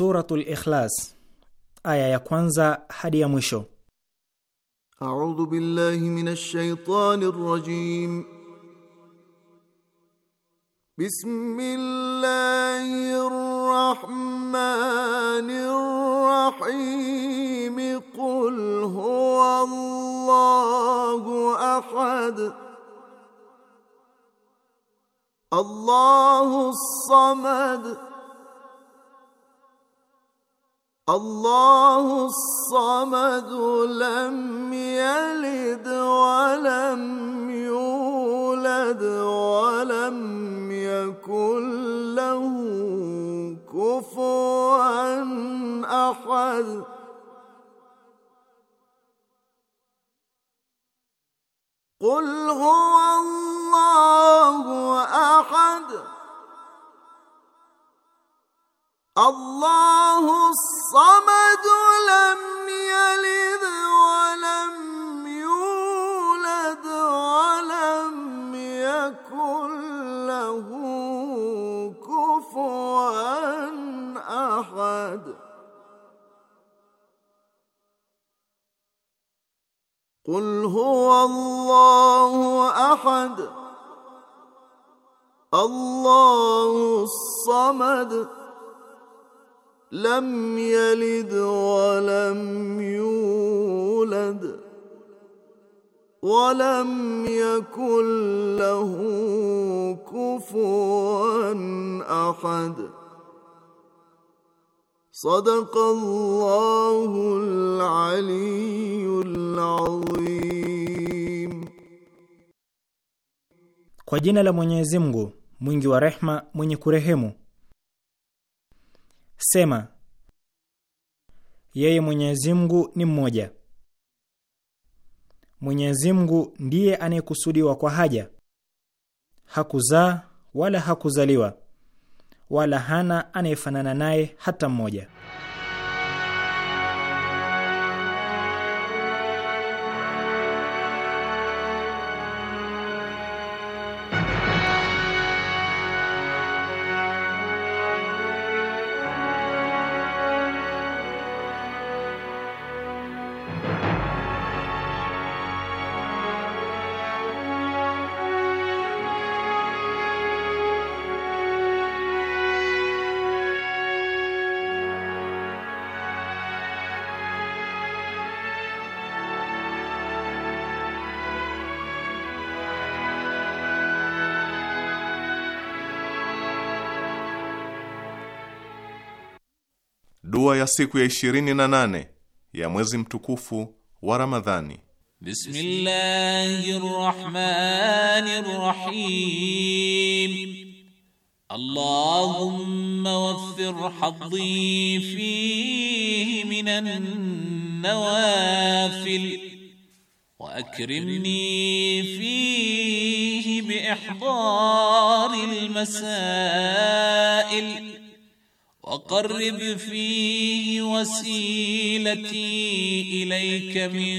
Suratul Ikhlas aya ya kwanza hadi ya mwisho. A'udhu billahi minash shaitanir rajim. Bismillahir rahmanir rahim. Qul huwallahu ahad. Allahu samad. الله الصمد لم يلد ولم يولد ولم يكن له كفوا احد قل هو الله احد الله الصمد لم يلد ولم يولد ولم يكن له كفوا احد قل هو الله احد الله الصمد لم يلد ولم يولد ولم يكن له كفوا احد صدق الله العلي العظيم kwa jina la mwenyezi mungu mwingi wa rehma mwenye kurehemu Sema, yeye Mwenyezi Mungu ni mmoja. Mwenyezi Mungu ndiye anayekusudiwa kwa haja. Hakuzaa wala hakuzaliwa, wala hana anayefanana naye hata mmoja. siku ya 28 ya mwezi mtukufu wa Ramadhani. Bismillahir Rahmanir Rahim. Allahumma waffir haddi fi minan nawafil wa akrimni fihi bi ihdaril masail وقرب فيه وسيلتي اليك من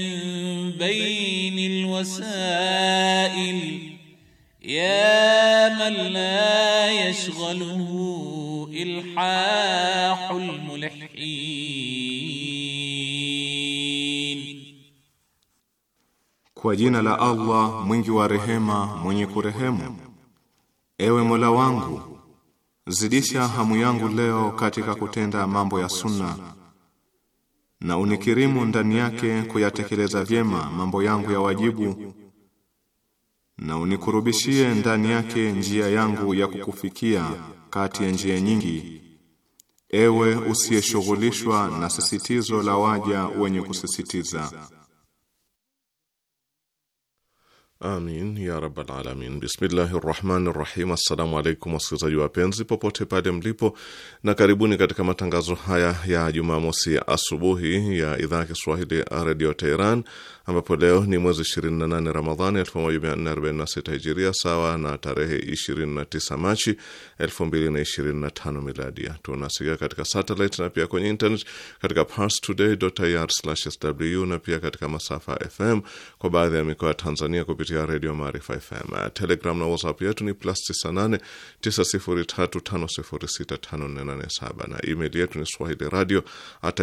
بين الوسائل يا من لا يشغله الحاح الملحين kwa jina la allah mwingi wa rehema mwenye kurehemu ewe mola wangu Zidisha hamu yangu leo katika kutenda mambo ya sunna na unikirimu ndani yake kuyatekeleza vyema mambo yangu ya wajibu na unikurubishie ndani yake njia yangu ya kukufikia kati ya njia nyingi ewe usiyeshughulishwa na sisitizo la waja wenye kusisitiza Amin ya rabbal alamin. Bismillahi rahmani rahim. Assalamu alaikum wasikilizaji wapenzi popote pale mlipo, na karibuni katika matangazo haya ya Jumamosi asubuhi ya idhaa ya Kiswahili redio Teheran ambapo leo ni mwezi 28 Ramadhani 1446 Hijiria, sawa na tarehe 29 Machi 2025 Miladia. Tunasikia katika satellite na pia kwenye internet katika parstoday.ir/sw na pia katika masafa FM kwa baadhi ya mikoa ya Tanzania kupitia Redio Maarifa FM. Telegram na WhatsApp yetu ni plus 98 na email yetu ni swahili radio at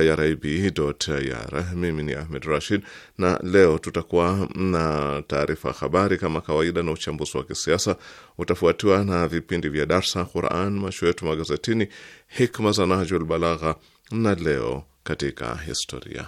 Mimi ni Ahmed Rashid na Leo tutakuwa na taarifa habari kama kawaida na uchambuzi wa kisiasa utafuatiwa na vipindi vya darsa, Quran, masho yetu magazetini, hikma za Nahjul Balagha na leo katika historia.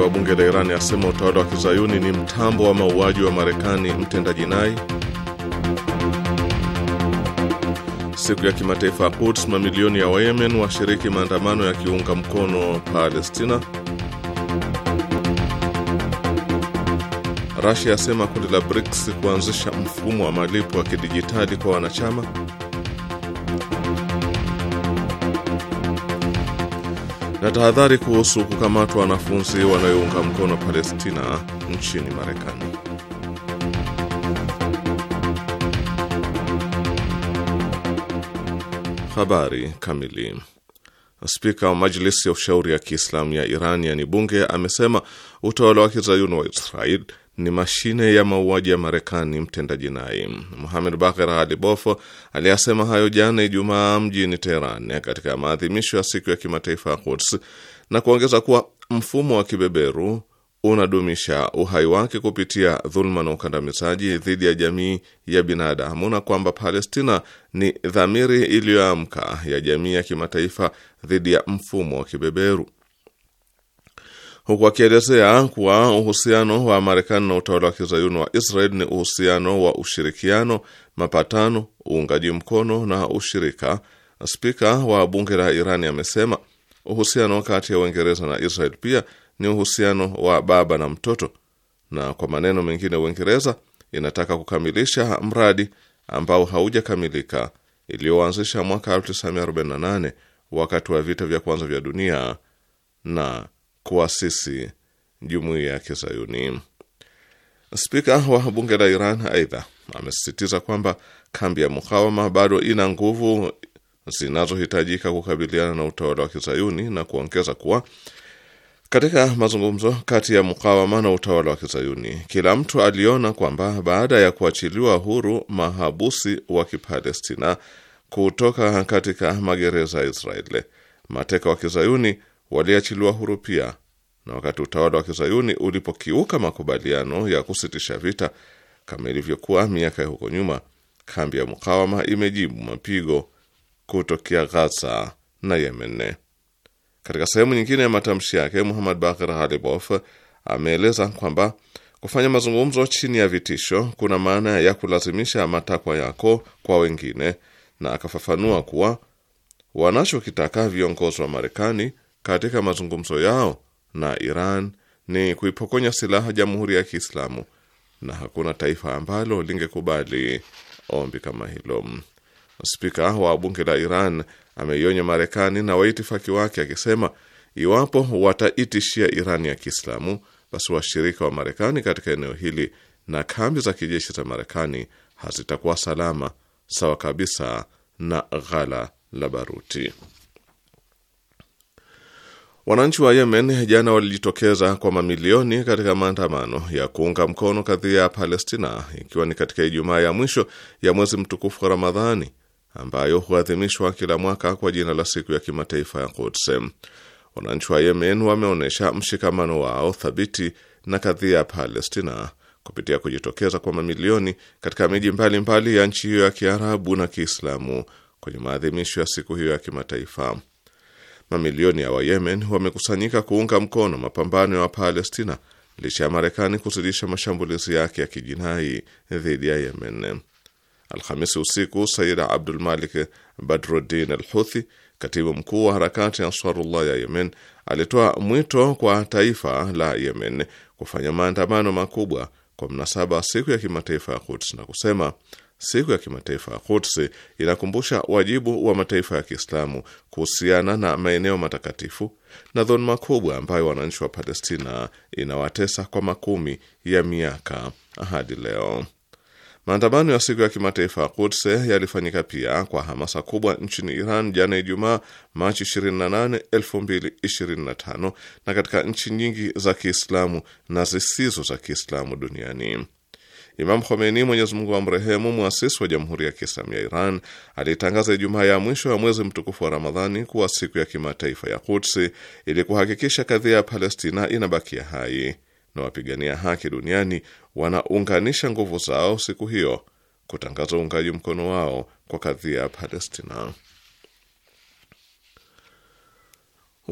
wa bunge la iran asema utawala wa kizayuni ni mtambo wa mauaji wa Marekani mtenda jinai. Siku ya kimataifa ya Quds, mamilioni ya Wayemen washiriki maandamano ya kiunga mkono Palestina. Rasia yasema kundi la BRICS kuanzisha mfumo wa malipo wa kidijitali kwa wanachama. na tahadhari kuhusu kukamatwa wanafunzi wanayounga mkono Palestina nchini Marekani. Habari kamili. Spika wa Majlisi ya Ushauri ya Kiislamu ya Iran, yani bunge, amesema utawala wa kizayuni wa Israel ni mashine ya mauaji ya Marekani mtenda jinai. Mohamed Bakr Ali Bofo aliyasema hayo jana Ijumaa mjini Teheran katika maadhimisho ya siku ya kimataifa ya Quds na kuongeza kuwa mfumo wa kibeberu unadumisha uhai wake kupitia dhuluma na ukandamizaji dhidi ya jamii ya binadamu na kwamba Palestina ni dhamiri iliyoamka ya jamii ya kimataifa dhidi ya mfumo wa kibeberu huku akielezea kuwa uhusiano wa Marekani na utawala wa kizayuni wa Israel ni uhusiano wa ushirikiano, mapatano, uungaji mkono na ushirika. Spika wa bunge la Irani amesema uhusiano kati ya Uingereza na Israel pia ni uhusiano wa baba na mtoto, na kwa maneno mengine, Uingereza inataka kukamilisha mradi ambao haujakamilika iliyoanzisha mwaka 1948 wakati wa vita vya kwanza vya dunia na kuasisi jumuiya ya Kizayuni. Spika wa bunge la Iran aidha amesisitiza kwamba kambi ya mukawama bado ina nguvu zinazohitajika kukabiliana na utawala wa Kizayuni na kuongeza kuwa katika mazungumzo kati ya mukawama na utawala wa Kizayuni, kila mtu aliona kwamba baada ya kuachiliwa huru mahabusi wa Kipalestina kutoka katika magereza ya Israeli, mateka wa Kizayuni waliachiliwa huru pia. Na wakati utawala wa kizayuni ulipokiuka makubaliano ya kusitisha vita kama ilivyokuwa miaka huko nyuma, kambi ya mukawama imejibu mapigo kutokea Ghaza na Yemen. Katika sehemu nyingine ya matamshi yake, Muhammad Bakir ghalibof ameeleza kwamba kufanya mazungumzo chini ya vitisho kuna maana ya kulazimisha matakwa yako kwa wengine, na akafafanua kuwa wanachokitaka viongozi wa Marekani katika mazungumzo yao na Iran ni kuipokonya silaha Jamhuri ya Kiislamu, na hakuna taifa ambalo lingekubali ombi kama hilo. Spika wa bunge la Iran ameionya Marekani na waitifaki wake akisema, iwapo wataitishia Iran ya Kiislamu, basi washirika wa Marekani katika eneo hili na kambi za kijeshi za Marekani hazitakuwa salama, sawa kabisa na ghala la baruti. Wananchi wa Yemen jana walijitokeza kwa mamilioni katika maandamano ya kuunga mkono kadhia ya Palestina, ikiwa ni katika Ijumaa ya mwisho ya mwezi mtukufu wa Ramadhani ambayo huadhimishwa kila mwaka kwa jina la siku ya kimataifa ya Quds. Wananchi wa Yemen wameonyesha mshikamano wao thabiti na kadhia ya Palestina kupitia kujitokeza kwa mamilioni katika miji mbalimbali ya nchi hiyo ya Kiarabu na Kiislamu kwenye maadhimisho ya siku hiyo ya kimataifa. Mamilioni ya Wayemen wamekusanyika kuunga mkono mapambano ya Wapalestina licha ya Marekani kuzidisha mashambulizi yake ya kijinai dhidi ya Yemen. Alhamisi usiku Saida Abdul Malik Badruddin al Huthi, katibu mkuu wa harakati Ansarullah ya Yemen, alitoa mwito kwa taifa la Yemen kufanya maandamano makubwa kwa mnasaba siku ya kimataifa ya Quds na kusema Siku ya kimataifa ya Quds inakumbusha wajibu wa mataifa ya Kiislamu kuhusiana na maeneo matakatifu na dhuluma kubwa ambayo wananchi wa Palestina inawatesa kwa makumi ya miaka hadi leo. Maandamano ya siku ya kimataifa ya Quds yalifanyika pia kwa hamasa kubwa nchini Iran jana Ijumaa, Machi 28, 2025 na katika nchi nyingi za Kiislamu na zisizo za Kiislamu duniani. Imam Khomeini, Mwenyezi Mungu amrehemu, mwasisi wa Jamhuri ya Kiislamu ya Iran, alitangaza Ijumaa ya mwisho ya mwezi mtukufu wa Ramadhani kuwa siku ya kimataifa ya Kudsi ili kuhakikisha kadhia ya Palestina inabakia hai na wapigania haki duniani wanaunganisha nguvu zao siku hiyo kutangaza uungaji mkono wao kwa kadhia ya Palestina.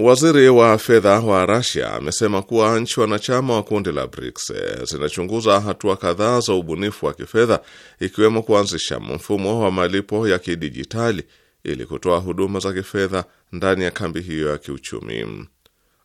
Waziri wa fedha wa Rasia amesema kuwa nchi wanachama wa kundi la BRICS zinachunguza hatua kadhaa za ubunifu wa kifedha ikiwemo kuanzisha mfumo wa malipo ya kidijitali ili kutoa huduma za kifedha ndani ya kambi hiyo ya kiuchumi.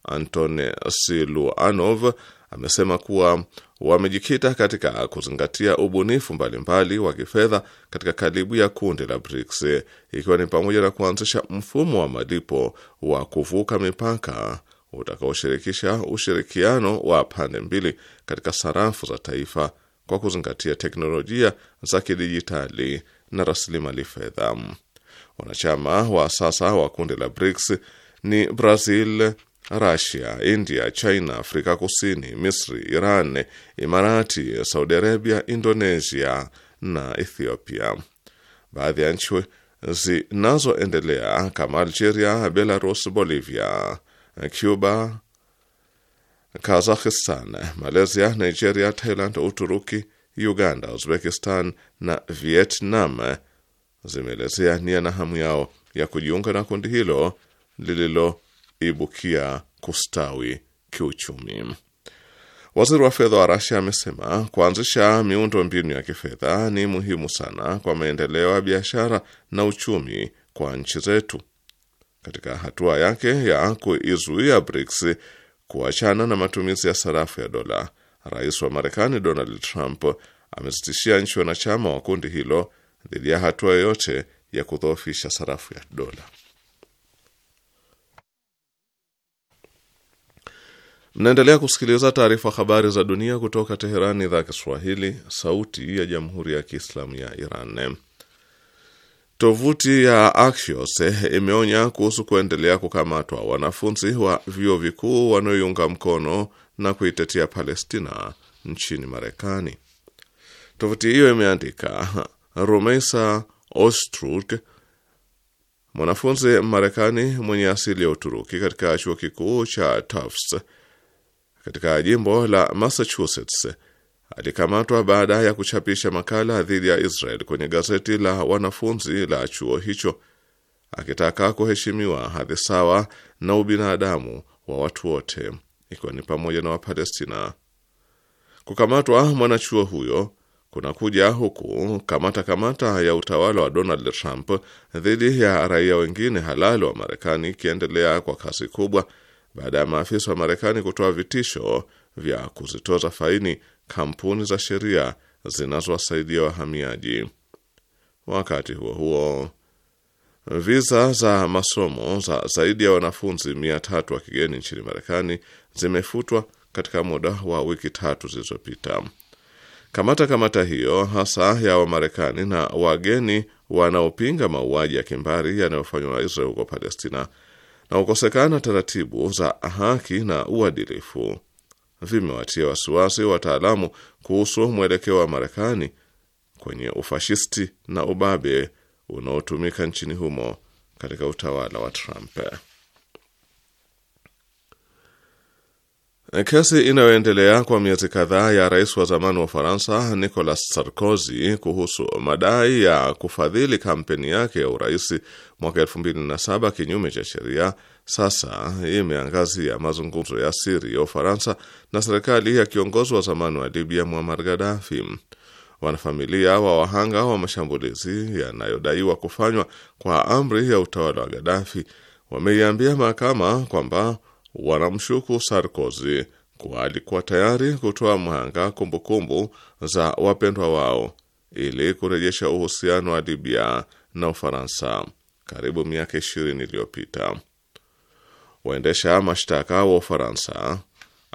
Anton Siluanov amesema kuwa wamejikita katika kuzingatia ubunifu mbalimbali wa kifedha katika kalibu ya kundi la BRICS, ikiwa ni pamoja na kuanzisha mfumo wa malipo wa kuvuka mipaka utakaoshirikisha ushirikiano wa pande mbili katika sarafu za taifa kwa kuzingatia teknolojia za kidijitali na rasilimali fedha. Wanachama wa sasa wa kundi la BRICS ni Brazil, Rasia, India, China, Afrika Kusini, Misri, Iran, Imarati, Saudi Arabia, Indonesia na Ethiopia. Baadhi ya nchi zinazoendelea kama Algeria, Belarus, Bolivia, Cuba, kazakhistan Malaysia, Nigeria, Thailand, Uturuki, Uganda, Uzbekistan na Vietnam zimeelezea nia na hamu yao ya kujiunga na kundi hilo lililo ibukia kustawi kiuchumi. Waziri wa fedha wa Rasia amesema kuanzisha miundo mbinu ya kifedha ni muhimu sana kwa maendeleo ya biashara na uchumi kwa nchi zetu. Katika hatua yake ya kuizuia BRICS kuachana na matumizi ya sarafu ya dola, rais wa Marekani Donald Trump amezitishia nchi wanachama wa kundi hilo dhidi ya hatua yoyote ya kudhoofisha sarafu ya dola. Mnaendelea kusikiliza taarifa habari za dunia kutoka Teherani, idhaa Kiswahili, sauti ya jamhuri ya kiislamu ya Iran. Tovuti ya Axios imeonya kuhusu kuendelea kukamatwa wanafunzi wa vyuo vikuu wanaoiunga mkono na kuitetea Palestina nchini Marekani. Tovuti hiyo imeandika, Rumeisa Ostruk, mwanafunzi Marekani mwenye asili ya Uturuki katika chuo kikuu cha Tufts katika jimbo la Massachusetts alikamatwa baada ya kuchapisha makala dhidi ya Israel kwenye gazeti la wanafunzi la chuo hicho akitaka kuheshimiwa hadhi sawa na ubinadamu wa watu wote ikiwa ni pamoja na Wapalestina. Kukamatwa mwanachuo huyo kuna kuja huku kamata kamata ya utawala wa Donald Trump dhidi ya raia wengine halali wa Marekani ikiendelea kwa kasi kubwa baada ya maafisa wa Marekani kutoa vitisho vya kuzitoza faini kampuni za sheria zinazowasaidia wahamiaji. Wakati huo huo, viza za masomo za zaidi ya wanafunzi mia tatu wa kigeni nchini Marekani zimefutwa katika muda wa wiki tatu zilizopita. Kamata kamata hiyo hasa ya Wamarekani na wageni wanaopinga mauaji ya kimbari yanayofanywa na Israel huko Palestina na kukosekana taratibu za haki na uadilifu vimewatia wasiwasi wataalamu kuhusu mwelekeo wa Marekani kwenye ufashisti na ubabe unaotumika nchini humo katika utawala wa Trump. Kesi inayoendelea kwa miezi kadhaa ya rais wa zamani wa Ufaransa Nicolas Sarkozy kuhusu madai ya kufadhili kampeni yake ya urais mwaka saba kinyume cha sheria sasa imeangazia mazungumzo ya siri ya Ufaransa na serikali ya kiongozi wa zamani wa Libya Muammar Gaddafi. Wanafamilia wa wahanga wa mashambulizi yanayodaiwa kufanywa kwa amri ya utawala wa Gaddafi wameiambia mahakama kwamba wanamshuku Sarkozy kuwa alikuwa tayari kutoa mhanga kumbukumbu za wapendwa wao ili kurejesha uhusiano wa Libya na Ufaransa karibu miaka ishirini iliyopita. Waendesha mashtaka wa Ufaransa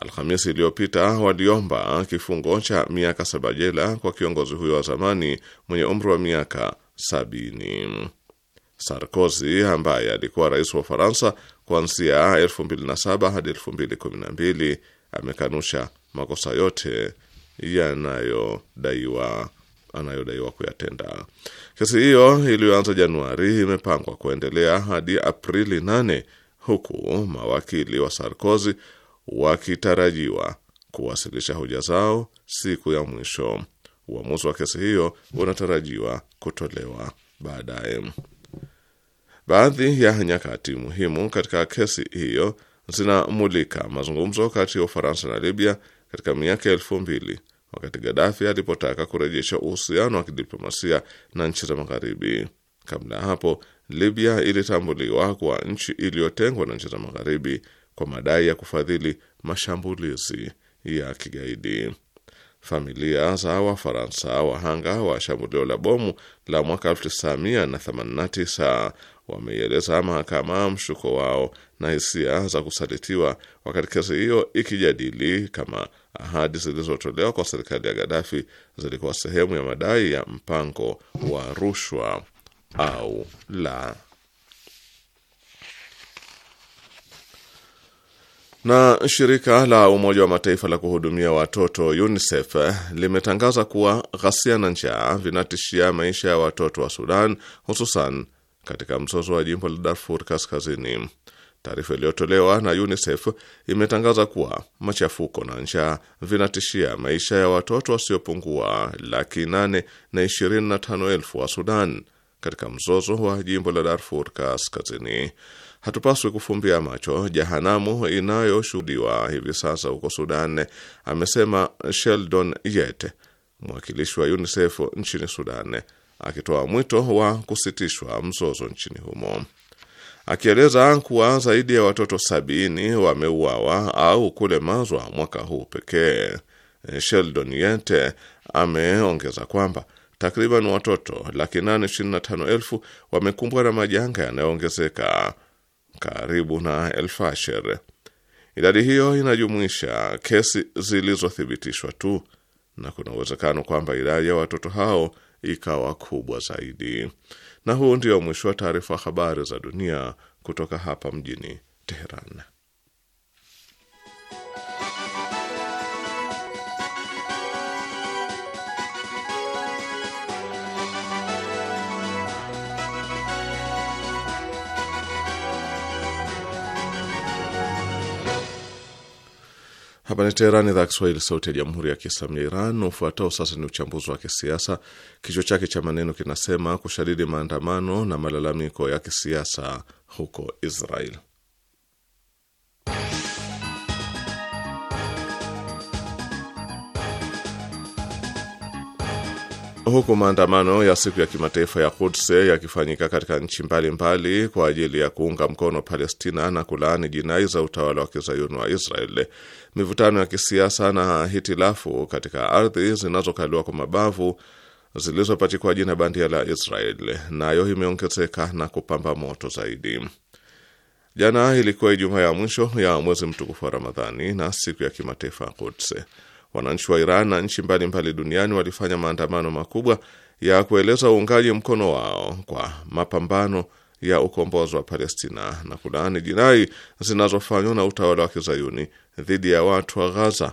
Alhamisi iliyopita waliomba kifungo cha miaka saba jela kwa kiongozi huyo wa zamani mwenye umri wa miaka sabini. Sarkozy ambaye alikuwa rais wa Ufaransa kuanzia 2007 hadi 2012 amekanusha makosa yote yanayodaiwa anayodaiwa kuyatenda. Kesi hiyo iliyoanza Januari imepangwa kuendelea hadi Aprili 8 huku mawakili wa Sarkozy wakitarajiwa kuwasilisha hoja zao siku ya mwisho. Uamuzi wa kesi hiyo unatarajiwa kutolewa baadaye. Baadhi ya nyakati muhimu katika kesi hiyo zinamulika mazungumzo kati ya Ufaransa na Libya katika miaka elfu mbili wakati Gadafi alipotaka kurejesha uhusiano wa kidiplomasia na nchi za Magharibi. Kabla ya hapo, Libya ilitambuliwa kuwa nchi iliyotengwa na nchi za Magharibi kwa madai ya kufadhili mashambulizi ya kigaidi familia za Wafaransa wahanga wa shambulio la bomu la mwaka 1989 wameieleza mahakama mshuko wao na hisia za kusalitiwa, wakati kesi hiyo ikijadili kama ahadi zilizotolewa kwa serikali ya Gaddafi zilikuwa sehemu ya madai ya mpango wa rushwa au la. Na shirika la Umoja wa Mataifa la kuhudumia watoto UNICEF limetangaza kuwa ghasia na njaa vinatishia maisha ya watoto wa Sudan, hususan katika mzozo wa jimbo la Darfur Kaskazini. Taarifa iliyotolewa na UNICEF imetangaza kuwa machafuko na njaa vinatishia maisha ya watoto wasiopungua laki nane na ishirini na tano elfu wa Sudan katika mzozo wa jimbo la Darfur Kaskazini. Hatupaswi kufumbia macho jehanamu inayoshuhudiwa hivi sasa huko Sudan, amesema Sheldon Yete, mwakilishi wa UNICEF nchini Sudan, akitoa mwito wa kusitishwa mzozo nchini humo, akieleza kuwa zaidi ya watoto sabini wameuawa au kulemazwa mwaka huu pekee. Sheldon Yete ameongeza kwamba takriban watoto laki nane ishirini na tano wamekumbwa na majanga yanayoongezeka karibu na elfu Idadi hiyo inajumuisha kesi zilizothibitishwa tu na kuna uwezekano kwamba idadi ya watoto hao ikawa kubwa zaidi. Na huu ndio mwisho wa taarifa habari za dunia kutoka hapa mjini Teheran. Hapa ni Teherani, idhaa ya Kiswahili, sauti ya jamhuri ya kiislamu ya Iran. Ufuatao sasa ni uchambuzi wa kisiasa, kichwa chake cha maneno kinasema kushadidi maandamano na malalamiko ya kisiasa huko Israel. Huku maandamano ya siku ya kimataifa ya Quds yakifanyika katika nchi mbalimbali mbali kwa ajili ya kuunga mkono Palestina na kulaani jinai za utawala wa kizayuni wa Israel, mivutano ya kisiasa na hitilafu katika ardhi zinazokaliwa kwa mabavu zilizopachikwa jina bandia la Israel nayo imeongezeka na kupamba moto zaidi. Jana ilikuwa Ijumaa ya mwisho ya mwezi mtukufu wa Ramadhani na siku ya kimataifa ya Quds. Wananchi wa Iran na nchi mbalimbali duniani walifanya maandamano makubwa ya kueleza uungaji mkono wao kwa mapambano ya ukombozi wa Palestina na kulaani jinai zinazofanywa na utawala wa kizayuni dhidi ya watu wa Ghaza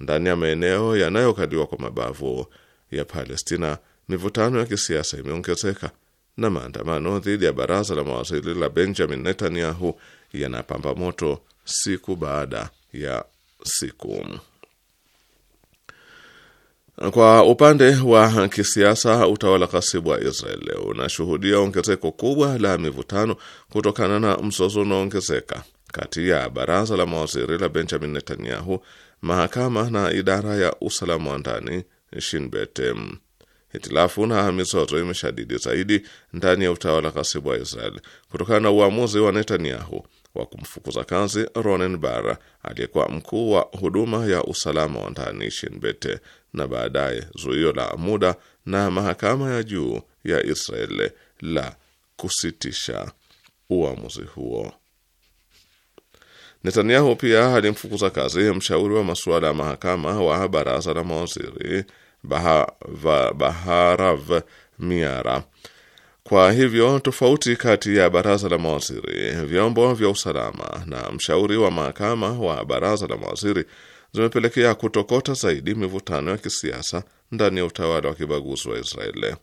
ndani ya maeneo yanayokaliwa kwa mabavu ya Palestina. Mivutano ya kisiasa imeongezeka na maandamano dhidi ya baraza la mawaziri la Benjamin Netanyahu yanapamba moto siku baada ya siku. Kwa upande wa kisiasa, utawala ghasibu wa Israel unashuhudia ongezeko kubwa la mivutano kutokana na mzozo unaoongezeka kati ya baraza la mawaziri la Benjamin Netanyahu, mahakama na idara ya usalama wa ndani Shin Bet. Hitilafu na mizozo imeshadidi zaidi ndani ya utawala ghasibu wa Israel kutokana na uamuzi wa Netanyahu wa kumfukuza kazi Ronen Bar aliyekuwa mkuu wa huduma ya usalama wa ndani Shinbete, na baadaye zuio la muda na mahakama ya juu ya Israel la kusitisha uamuzi huo. Netanyahu pia alimfukuza kazi mshauri wa masuala ya mahakama wa baraza la mawaziri Baharav Miara kwa hivyo tofauti kati ya baraza la mawaziri, vyombo vya usalama na mshauri wa mahakama wa baraza la mawaziri zimepelekea kutokota zaidi mivutano ya kisiasa ndani ya utawala wa kibaguzi wa Israeli.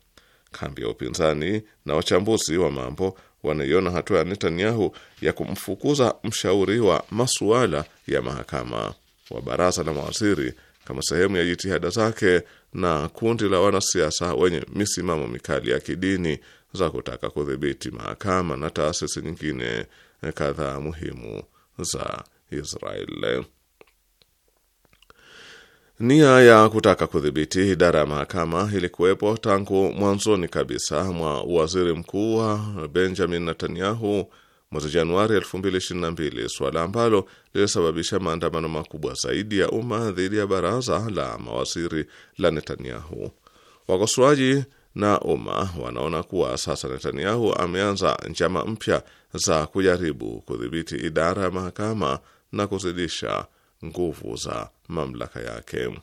Kambi ya upinzani na wachambuzi wa mambo wanaiona hatua ya Netanyahu ya kumfukuza mshauri wa masuala ya mahakama wa baraza la mawaziri kama sehemu ya jitihada zake na kundi la wanasiasa wenye misimamo mikali ya kidini za kutaka kudhibiti mahakama na taasisi nyingine kadhaa muhimu za Israel. Nia ya kutaka kudhibiti idara ya mahakama ilikuwepo tangu mwanzoni kabisa mwa waziri mkuu wa Benjamin Netanyahu mwezi Januari 2022, suala ambalo lilisababisha maandamano makubwa zaidi ya umma dhidi ya baraza la mawaziri la Netanyahu. Wakosoaji na umma wanaona kuwa sasa Netanyahu ameanza njama mpya za kujaribu kudhibiti idara ya mahakama na kuzidisha nguvu za mamlaka yake.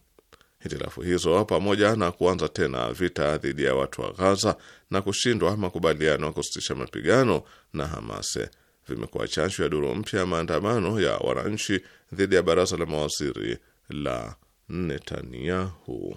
Hitilafu hizo pamoja na kuanza tena vita dhidi ya watu wa Gaza na kushindwa makubaliano ya kusitisha mapigano na Hamas vimekuwa chachu ya duru mpya ya maandamano ya wananchi dhidi ya baraza la mawaziri la Netanyahu.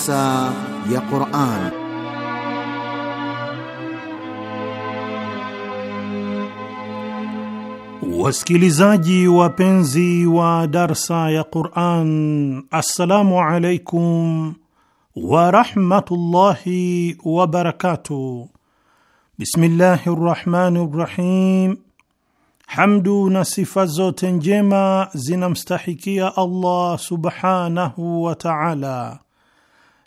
darsa ya Qur'an. Wasikilizaji wapenzi wa darsa ya Qur'an, assalamu alaikum wa wabarakatuh wa barakatuh. Bismillahi rahmani rahim. Hamdu na sifa zote njema zinamstahikia Allah subhanahu wa ta'ala,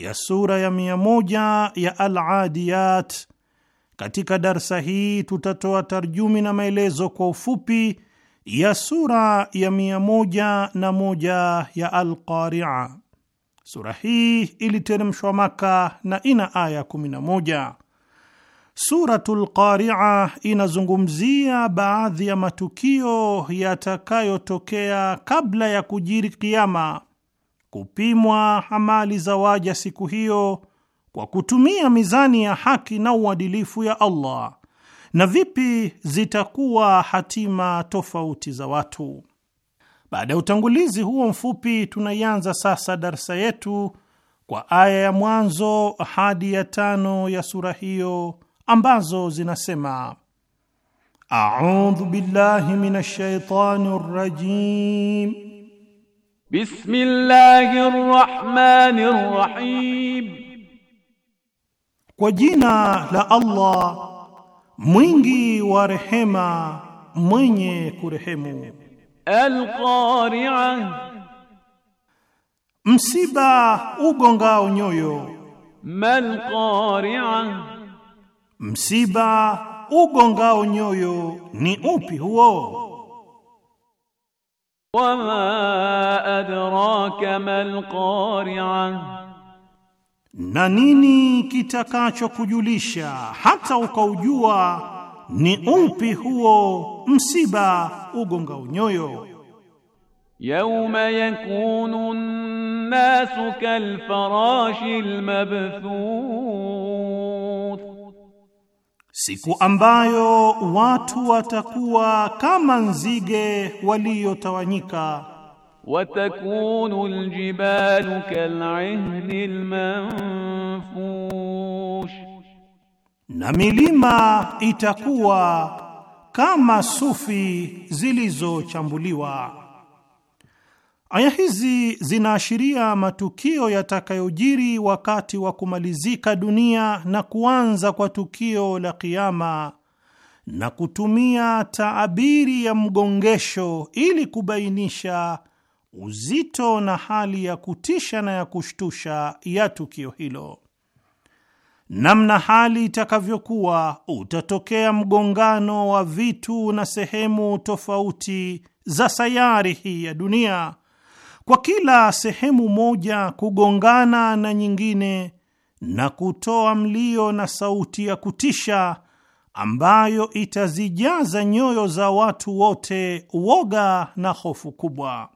ya sura ya mia moja ya Al-Adiyat. Katika darsa hii tutatoa tarjumi na maelezo kwa ufupi ya sura ya mia moja na moja ya Al-Qari'a. Sura hii iliteremshwa Maka na ina aya moja. Suratul Qari'a inazungumzia baadhi ya matukio yatakayotokea kabla ya kujiri kiama kupimwa amali za waja siku hiyo kwa kutumia mizani ya haki na uadilifu ya Allah, na vipi zitakuwa hatima tofauti za watu. Baada ya utangulizi huo mfupi, tunaianza sasa darsa yetu kwa aya ya mwanzo hadi ya tano ya sura hiyo ambazo zinasema: audhu billahi minash shaitani rrajim Bismillahir Rahmanir Rahim, kwa jina la Allah mwingi wa rehema mwenye kurehemu. Al-Qari'a, msiba ugongao nyoyo. Mal-Qari'a, msiba ugongao nyoyo ni upi huo? وما أدراك ما القارعة na nini kitakachokujulisha hata ukaujua ni upi huo msiba ugongao nyoyo yauma yakunu nnasu kalfarashi lmabthun siku ambayo watu watakuwa kama nzige waliotawanyika. Watakunu aljibalu kal'ihni almanfush, na milima itakuwa kama sufi zilizochambuliwa. Aya hizi zinaashiria matukio yatakayojiri wakati wa kumalizika dunia na kuanza kwa tukio la Kiama, na kutumia taabiri ya mgongesho ili kubainisha uzito na hali ya kutisha na ya kushtusha ya tukio hilo. Namna hali itakavyokuwa, utatokea mgongano wa vitu na sehemu tofauti za sayari hii ya dunia kwa kila sehemu moja kugongana na nyingine na kutoa mlio na sauti ya kutisha ambayo itazijaza nyoyo za watu wote woga na hofu kubwa.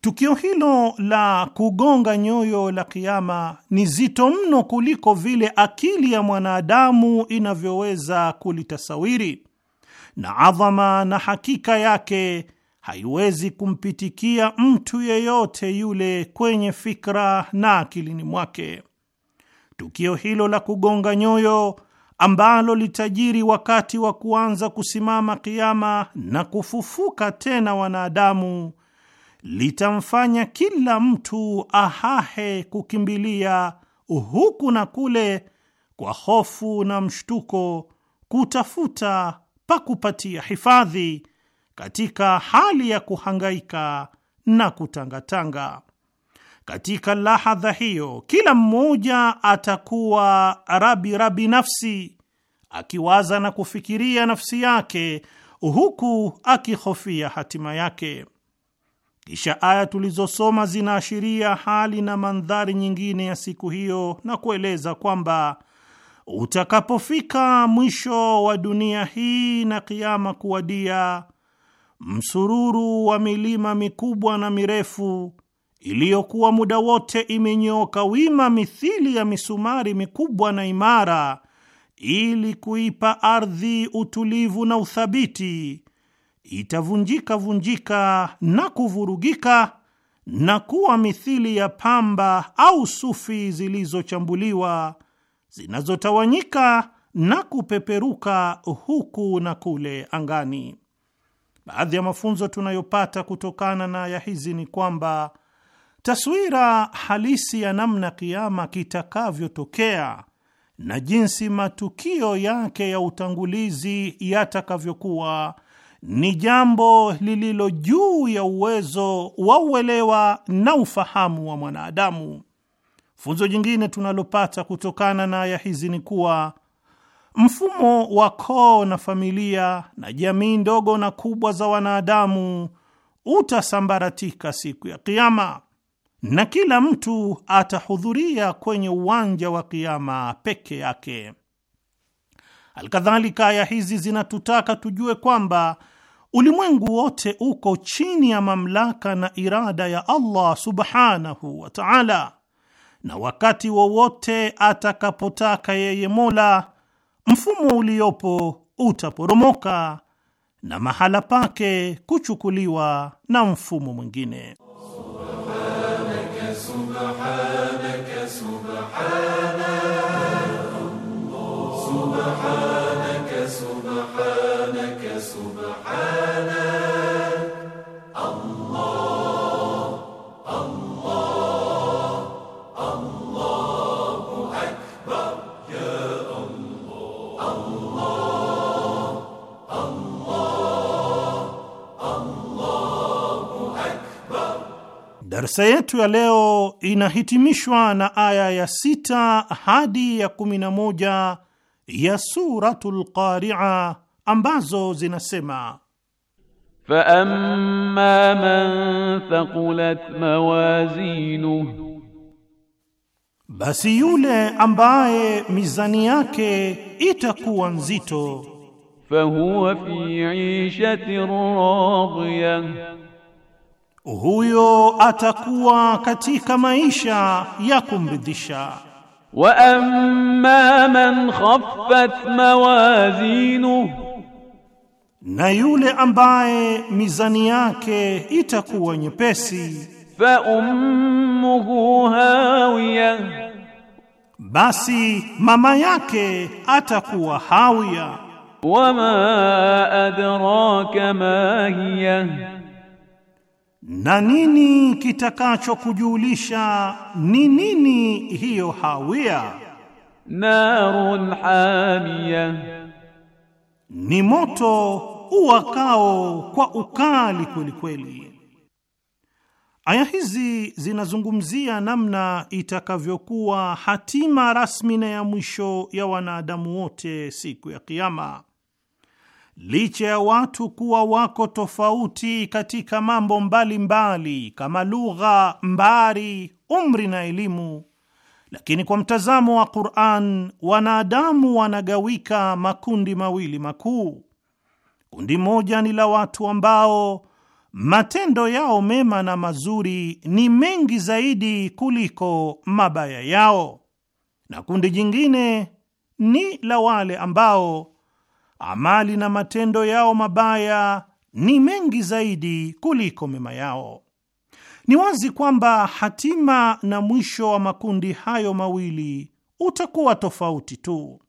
Tukio hilo la kugonga nyoyo la Kiama ni zito mno kuliko vile akili ya mwanadamu inavyoweza kulitasawiri, na adhama na hakika yake haiwezi kumpitikia mtu yeyote yule kwenye fikra na akilini mwake. Tukio hilo la kugonga nyoyo ambalo litajiri wakati wa kuanza kusimama kiama na kufufuka tena wanadamu litamfanya kila mtu ahahe kukimbilia huku na kule kwa hofu na mshtuko, kutafuta pa kupatia hifadhi katika hali ya kuhangaika na kutangatanga. Katika lahadha hiyo, kila mmoja atakuwa rabi rabi nafsi, akiwaza na kufikiria nafsi yake, huku akihofia hatima yake. Kisha aya tulizosoma zinaashiria hali na mandhari nyingine ya siku hiyo na kueleza kwamba utakapofika mwisho wa dunia hii na kiama kuwadia msururu wa milima mikubwa na mirefu iliyokuwa muda wote imenyooka wima mithili ya misumari mikubwa na imara, ili kuipa ardhi utulivu na uthabiti, itavunjika vunjika na kuvurugika na kuwa mithili ya pamba au sufi zilizochambuliwa zinazotawanyika na kupeperuka huku na kule angani. Baadhi ya mafunzo tunayopata kutokana na aya hizi ni kwamba taswira halisi ya namna kiama kitakavyotokea na jinsi matukio yake ya utangulizi yatakavyokuwa ni jambo lililo juu ya uwezo wa uelewa na ufahamu wa mwanadamu. Funzo jingine tunalopata kutokana na aya hizi ni kuwa Mfumo wa koo na familia na jamii ndogo na kubwa za wanadamu utasambaratika siku ya Kiama, na kila mtu atahudhuria kwenye uwanja wa Kiama peke yake. Alkadhalika, aya hizi zinatutaka tujue kwamba ulimwengu wote uko chini ya mamlaka na irada ya Allah subhanahu wa taala, na wakati wowote atakapotaka yeye Mola mfumo uliopo utaporomoka na mahala pake kuchukuliwa na mfumo mwingine. Subhanaka, subhanaka, subhanaka. Subhanaka, subhanaka, Darsa yetu ya leo inahitimishwa na aya ya sita hadi ya kumi na moja ya Suratul Qaria ambazo zinasema faamma man thaqulat mawazinuhu, basi yule ambaye mizani yake itakuwa nzito. Fahuwa fi ishati radiyah huyo atakuwa katika maisha ya kumridhisha. Wa amma man khaffat mawazinu, na yule ambaye mizani yake itakuwa nyepesi. Fa ummuhu hawiya, basi mama yake atakuwa hawiya. Wama adraka ma hiya na nini kitakachokujulisha ni nini hiyo hawia? Narun hamia, ni moto uwakao kwa ukali kweli kweli. Aya hizi zinazungumzia namna itakavyokuwa hatima rasmi na ya mwisho ya wanadamu wote siku ya Kiyama licha ya watu kuwa wako tofauti katika mambo mbalimbali mbali, kama lugha, mbari, umri na elimu, lakini kwa mtazamo wa Qur'an wanadamu wanagawika makundi mawili makuu. Kundi moja ni la watu ambao matendo yao mema na mazuri ni mengi zaidi kuliko mabaya yao, na kundi jingine ni la wale ambao amali na matendo yao mabaya ni mengi zaidi kuliko mema yao. Ni wazi kwamba hatima na mwisho wa makundi hayo mawili utakuwa tofauti tu,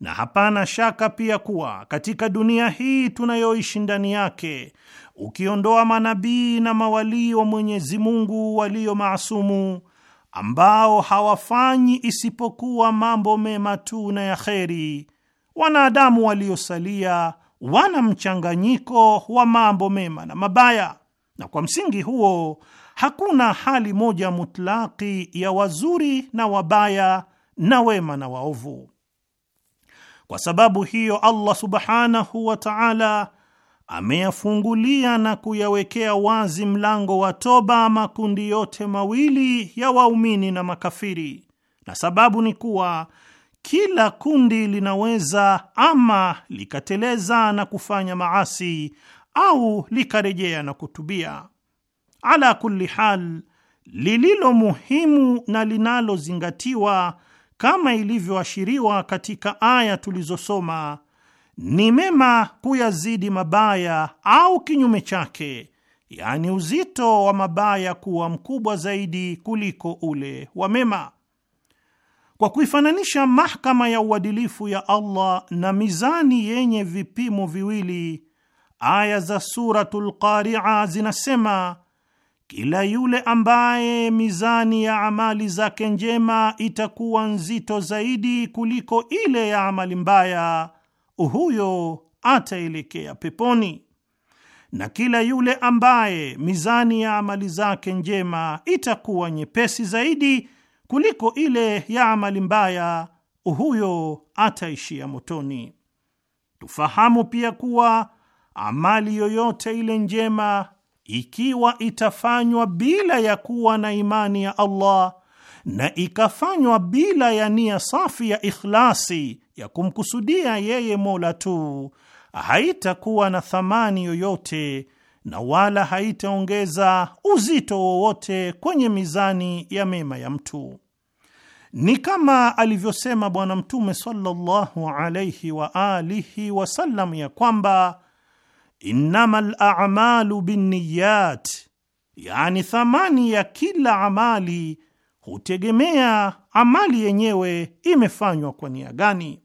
na hapana shaka pia kuwa katika dunia hii tunayoishi ndani yake, ukiondoa manabii na mawalii wa Mwenyezi Mungu walio maasumu ambao hawafanyi isipokuwa mambo mema tu na ya kheri wanadamu waliosalia wana mchanganyiko wa mambo mema na mabaya, na kwa msingi huo hakuna hali moja mutlaki ya wazuri na wabaya na wema na waovu. Kwa sababu hiyo, Allah subhanahu wa ta'ala ameyafungulia na kuyawekea wazi mlango wa toba makundi yote mawili ya waumini na makafiri, na sababu ni kuwa kila kundi linaweza ama likateleza na kufanya maasi au likarejea na kutubia. Ala kulli hal, lililo muhimu na linalozingatiwa kama ilivyoashiriwa katika aya tulizosoma ni mema kuyazidi mabaya au kinyume chake, yaani uzito wa mabaya kuwa mkubwa zaidi kuliko ule wa mema kwa kuifananisha mahakama ya uadilifu ya Allah na mizani yenye vipimo viwili, aya za Suratul Qaria zinasema kila yule ambaye mizani ya amali zake njema itakuwa nzito zaidi kuliko ile ya amali mbaya, huyo ataelekea peponi, na kila yule ambaye mizani ya amali zake njema itakuwa nyepesi zaidi kuliko ile ya amali mbaya, huyo ataishia motoni. Tufahamu pia kuwa amali yoyote ile njema ikiwa itafanywa bila ya kuwa na imani ya Allah na ikafanywa bila ya nia safi ya ikhlasi ya kumkusudia yeye Mola tu haitakuwa na thamani yoyote na wala haitaongeza uzito wowote kwenye mizani ya mema ya mtu. Ni kama alivyosema Bwana Mtume sallallahu alayhi wa alihi wasallam ya kwamba innama lamalu binniyat, yani thamani ya kila amali hutegemea amali yenyewe imefanywa kwa nia gani.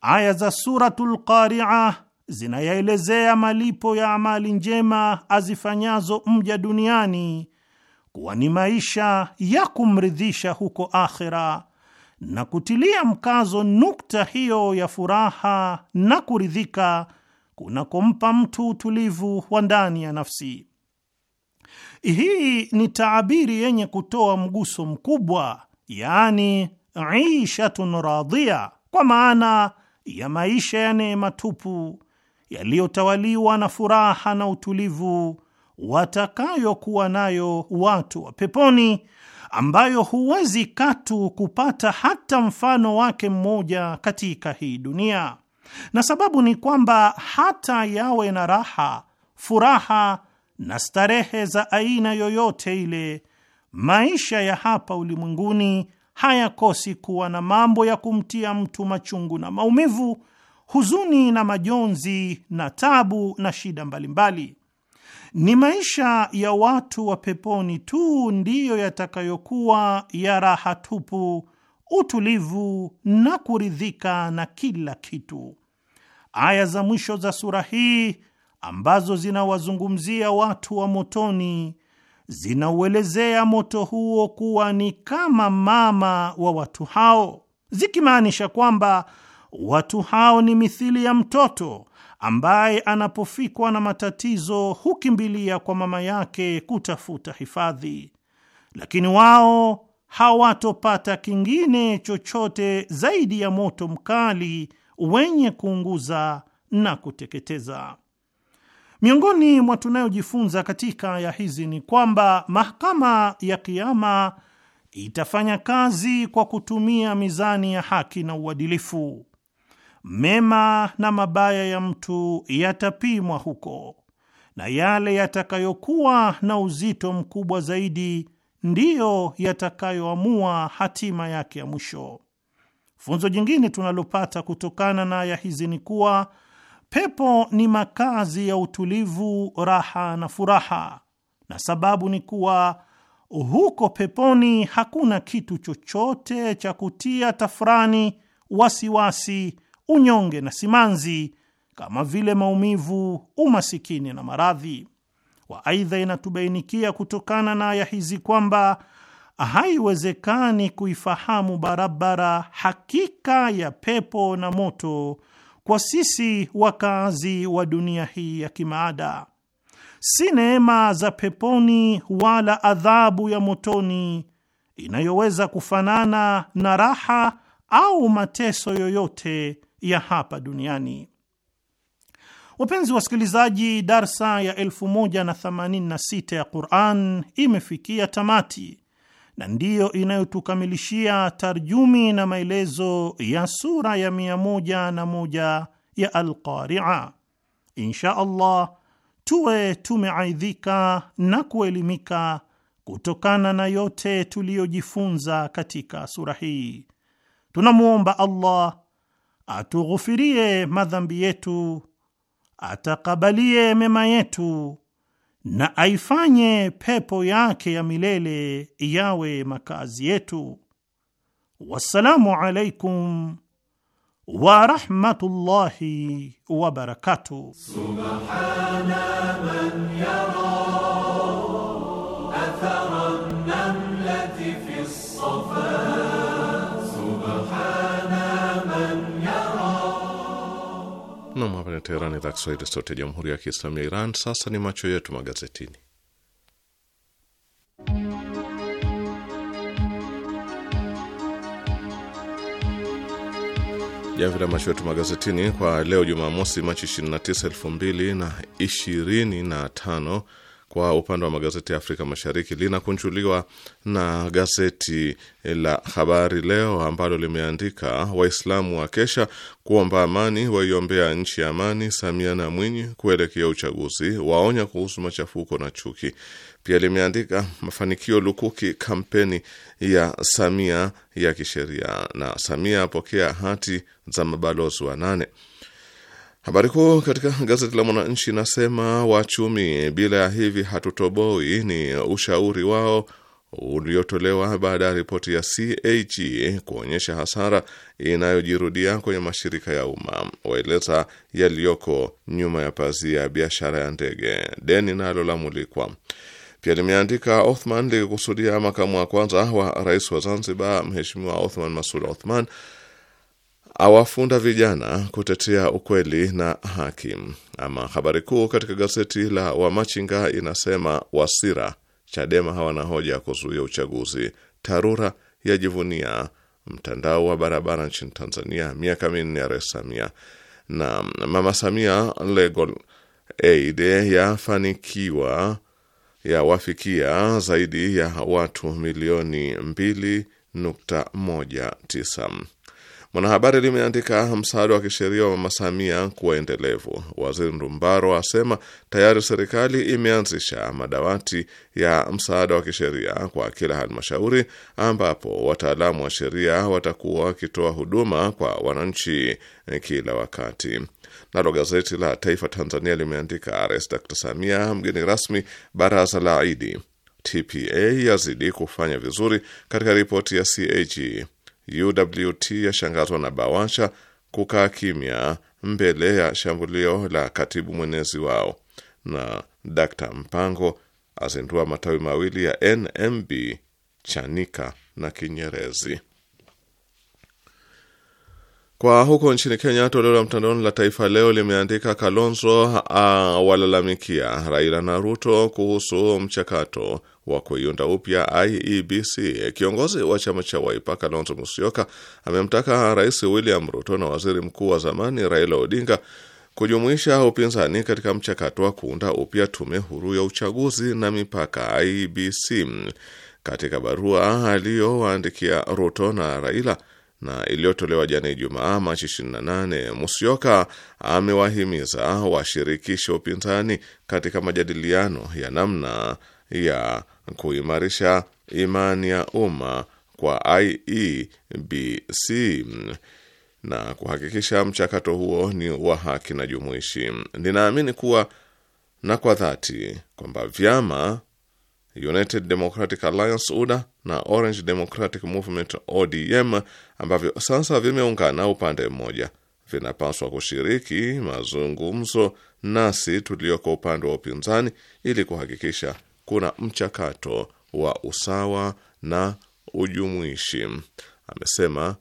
Aya za Suratul Qari'ah zinayaelezea malipo ya amali njema azifanyazo mja duniani kuwa ni maisha ya kumridhisha huko akhera, na kutilia mkazo nukta hiyo ya furaha na kuridhika kunakompa mtu utulivu wa ndani ya nafsi. Hii ni taabiri yenye kutoa mguso mkubwa, yaani ishatun radhia, kwa maana ya maisha ya neema tupu yaliyotawaliwa na furaha na utulivu watakayokuwa nayo watu wa peponi, ambayo huwezi katu kupata hata mfano wake mmoja katika hii dunia. Na sababu ni kwamba hata yawe na raha, furaha na starehe za aina yoyote ile, maisha ya hapa ulimwenguni hayakosi kuwa na mambo ya kumtia mtu machungu na maumivu huzuni na majonzi na tabu na shida mbalimbali. Ni maisha ya watu wa peponi tu ndiyo yatakayokuwa ya raha tupu, utulivu na kuridhika na kila kitu. Aya za mwisho za sura hii ambazo zinawazungumzia watu wa motoni zinauelezea moto huo kuwa ni kama mama wa watu hao, zikimaanisha kwamba Watu hao ni mithili ya mtoto ambaye anapofikwa na matatizo hukimbilia kwa mama yake kutafuta hifadhi, lakini wao hawatopata kingine chochote zaidi ya moto mkali wenye kuunguza na kuteketeza. Miongoni mwa tunayojifunza katika aya hizi ni kwamba mahakama ya Kiama itafanya kazi kwa kutumia mizani ya haki na uadilifu mema na mabaya ya mtu yatapimwa huko, na yale yatakayokuwa na uzito mkubwa zaidi ndiyo yatakayoamua hatima yake ya mwisho. Funzo jingine tunalopata kutokana na aya hizi ni kuwa pepo ni makazi ya utulivu, raha na furaha, na sababu ni kuwa huko peponi hakuna kitu chochote cha kutia tafurani, wasiwasi unyonge na simanzi kama vile maumivu, umasikini na maradhi. wa Aidha, inatubainikia kutokana na aya hizi kwamba haiwezekani kuifahamu barabara hakika ya pepo na moto kwa sisi wakazi wa dunia hii ya kimaada. Si neema za peponi wala adhabu ya motoni inayoweza kufanana na raha au mateso yoyote ya hapa duniani. Wapenzi wasikilizaji, darsa ya 1086 ya Quran imefikia tamati na ndiyo inayotukamilishia tarjumi na maelezo ya sura ya 101 ya Alqaria. Insha Allah tuwe tumeaidhika na kuelimika kutokana na yote tuliyojifunza katika sura hii. Tunamwomba Allah atughufirie madhambi yetu, atakabalie mema yetu na aifanye pepo yake ya milele yawe makazi yetu. Wassalamu alaikum wa rahmatullahi wa barakatuh. Subhana man yara ya Teherani, idhaa Kiswahili, sauti ya jamhuri ya kiislamu ya Iran. Sasa ni macho yetu magazetini. Jamvi la macho yetu magazetini kwa leo Jumamosi, Machi 29, 2025 kwa upande wa magazeti ya Afrika Mashariki, linakunjuliwa na gazeti la Habari Leo ambalo limeandika Waislamu wa kesha kuomba amani, waiombea nchi ya amani, Samia na Mwinyi kuelekea uchaguzi, waonya kuhusu machafuko na chuki. Pia limeandika mafanikio lukuki kampeni ya Samia ya kisheria, na Samia apokea hati za mabalozi wa nane Habari kuu katika gazeti la Mwananchi inasema wachumi bila ya hivi hatutoboi, ni ushauri wao uliotolewa baada ya ripoti ya CAG e kuonyesha hasara inayojirudia kwenye mashirika ya umma. Waeleza yaliyoko nyuma ya pazia ya biashara ya ndege. Deni nalo pia limeandika Othman likikusudia makamu wa kwanza wa rais wa Zanzibar, Mheshimiwa Othman Masud Othman awafunda vijana kutetea ukweli na haki. Ama habari kuu katika gazeti la Wamachinga inasema Wasira, Chadema hawana hoja ya kuzuia uchaguzi. TARURA yajivunia mtandao wa barabara nchini Tanzania miaka minne ya Rais Samia, na Mama Samia Legal Aid yafanikiwa yawafikia zaidi ya watu milioni mbili nukta moja tisa. Mwanahabari limeandika msaada wa kisheria wa Masamia kuwa endelevu. Waziri Ndumbaro asema tayari serikali imeanzisha madawati ya msaada wa kisheria kwa kila halmashauri, ambapo wataalamu wa sheria watakuwa wakitoa huduma kwa wananchi kila wakati. Nalo gazeti la Taifa Tanzania limeandika Rais Dr Samia mgeni rasmi baraza la Idi, TPA yazidi kufanya vizuri katika ripoti ya CAG UWT yashangazwa na Bawasha kukaa kimya mbele ya shambulio la katibu mwenezi wao, na Dr. Mpango azindua matawi mawili ya NMB Chanika na Kinyerezi. Kwa huko nchini Kenya, toleo la mtandaoni la Taifa Leo limeandika Kalonzo awalalamikia ah, Raila na Ruto kuhusu mchakato wa kuiunda upya IEBC. Kiongozi wa chama cha waipa Kalonzo Musyoka amemtaka Rais William Ruto na waziri mkuu wa zamani Raila Odinga kujumuisha upinzani katika mchakato wa kuunda upya tume huru ya uchaguzi na mipaka IEBC. Katika barua aliyowaandikia Ruto na Raila na iliyotolewa jana Ijumaa Machi 28, Musyoka amewahimiza washirikishe upinzani katika majadiliano ya namna ya kuimarisha imani ya umma kwa IEBC na kuhakikisha mchakato huo ni wa haki na jumuishi. Ninaamini kuwa na kwa dhati kwamba vyama United Democratic Alliance UDA na Orange Democratic Movement ODM ambavyo sasa vimeungana upande mmoja, vinapaswa kushiriki mazungumzo nasi tulioko upande wa upinzani ili kuhakikisha kuna mchakato wa usawa na ujumuishi, amesema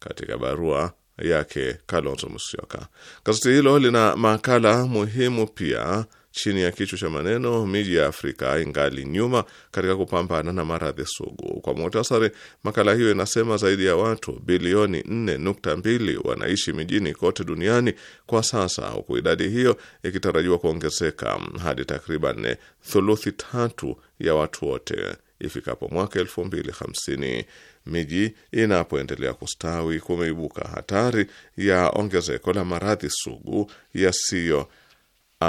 katika barua yake Kalonzo Musyoka. Gazeti hilo lina makala muhimu pia chini ya kichwa cha maneno miji ya Afrika ingali nyuma katika kupambana na maradhi sugu. Kwa muhtasari, makala hiyo inasema zaidi ya watu bilioni 4.2 wanaishi mijini kote duniani kwa sasa, huku idadi hiyo ikitarajiwa kuongezeka hadi takriban thuluthi tatu ya watu wote ifikapo mwaka 2050. Miji inapoendelea kustawi, kumeibuka hatari ya ongezeko la maradhi sugu yasiyo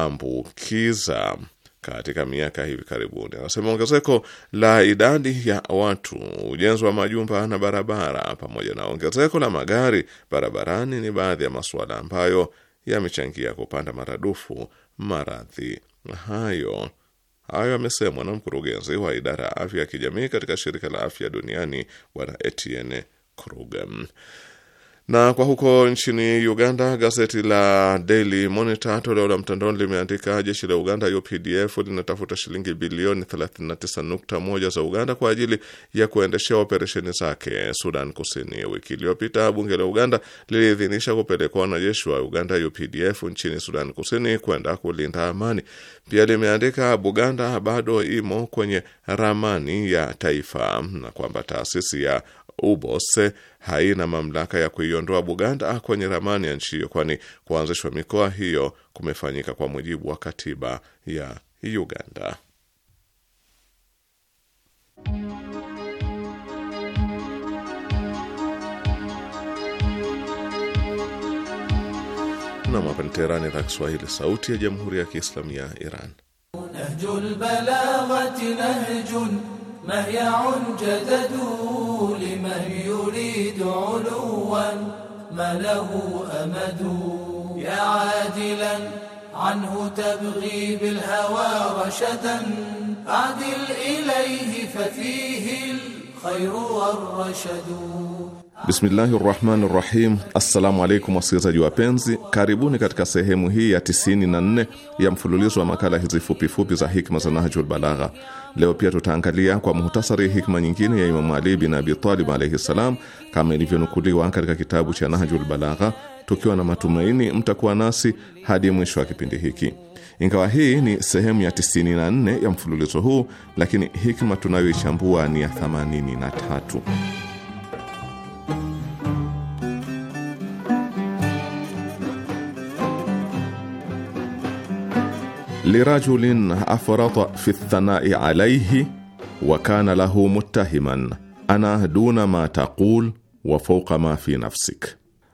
ambukiza katika miaka hivi karibuni. Anasema ongezeko la idadi ya watu, ujenzi wa majumba na barabara, pamoja na ongezeko la magari barabarani ni baadhi ya masuala ambayo yamechangia kupanda maradufu maradhi hayo. Hayo amesemwa na mkurugenzi wa idara ya afya ya kijamii katika shirika la afya duniani Bwana Etienne Kruger. Na kwa huko nchini Uganda, gazeti la Daily Monitor toleo la mtandaoni limeandika jeshi la Uganda UPDF linatafuta shilingi bilioni 39.1 za Uganda kwa ajili ya kuendeshea operesheni zake Sudan Kusini. Wiki iliyopita bunge la Uganda liliidhinisha kupelekwa wanajeshi wa Uganda UPDF nchini Sudan Kusini kwenda kulinda amani. Pia limeandika Buganda bado imo kwenye ramani ya taifa na kwamba taasisi ya UBOS haina mamlaka ya kuiondoa Buganda kwenye ramani ya nchi hiyo, kwani kuanzishwa mikoa hiyo kumefanyika kwa mujibu wa katiba ya Uganda. Nam, hapa Teherani, idhaa Kiswahili, sauti ya jamhuri ya kiislamu ya Iran. مهيع جدد لمن يريد علوا ما له أمد يا عادلا عنه تبغي بالهوى رشدا أعدل إليه ففيه الخير والرشد Bismillahi rahmani rahim. Assalamu alaikum wasikilizaji wapenzi, karibuni katika sehemu hii ya 94 ya mfululizo wa makala hizi fupifupi za hikma za Nahjul Balagha. Leo pia tutaangalia kwa muhtasari hikma nyingine ya Imamu Ali bin Abi Talib alaihi ssalam, kama ilivyonukuliwa katika kitabu cha Nahjul Balagha, tukiwa na matumaini mtakuwa nasi hadi mwisho wa kipindi hiki. Ingawa hii ni sehemu ya 94 ya mfululizo huu, lakini hikma tunayoichambua ni ya 83. lirajulin afrata fi thanai alaihi wa kana lahu muttahiman ana duna ma taqul wa fauqa ma fi nafsik,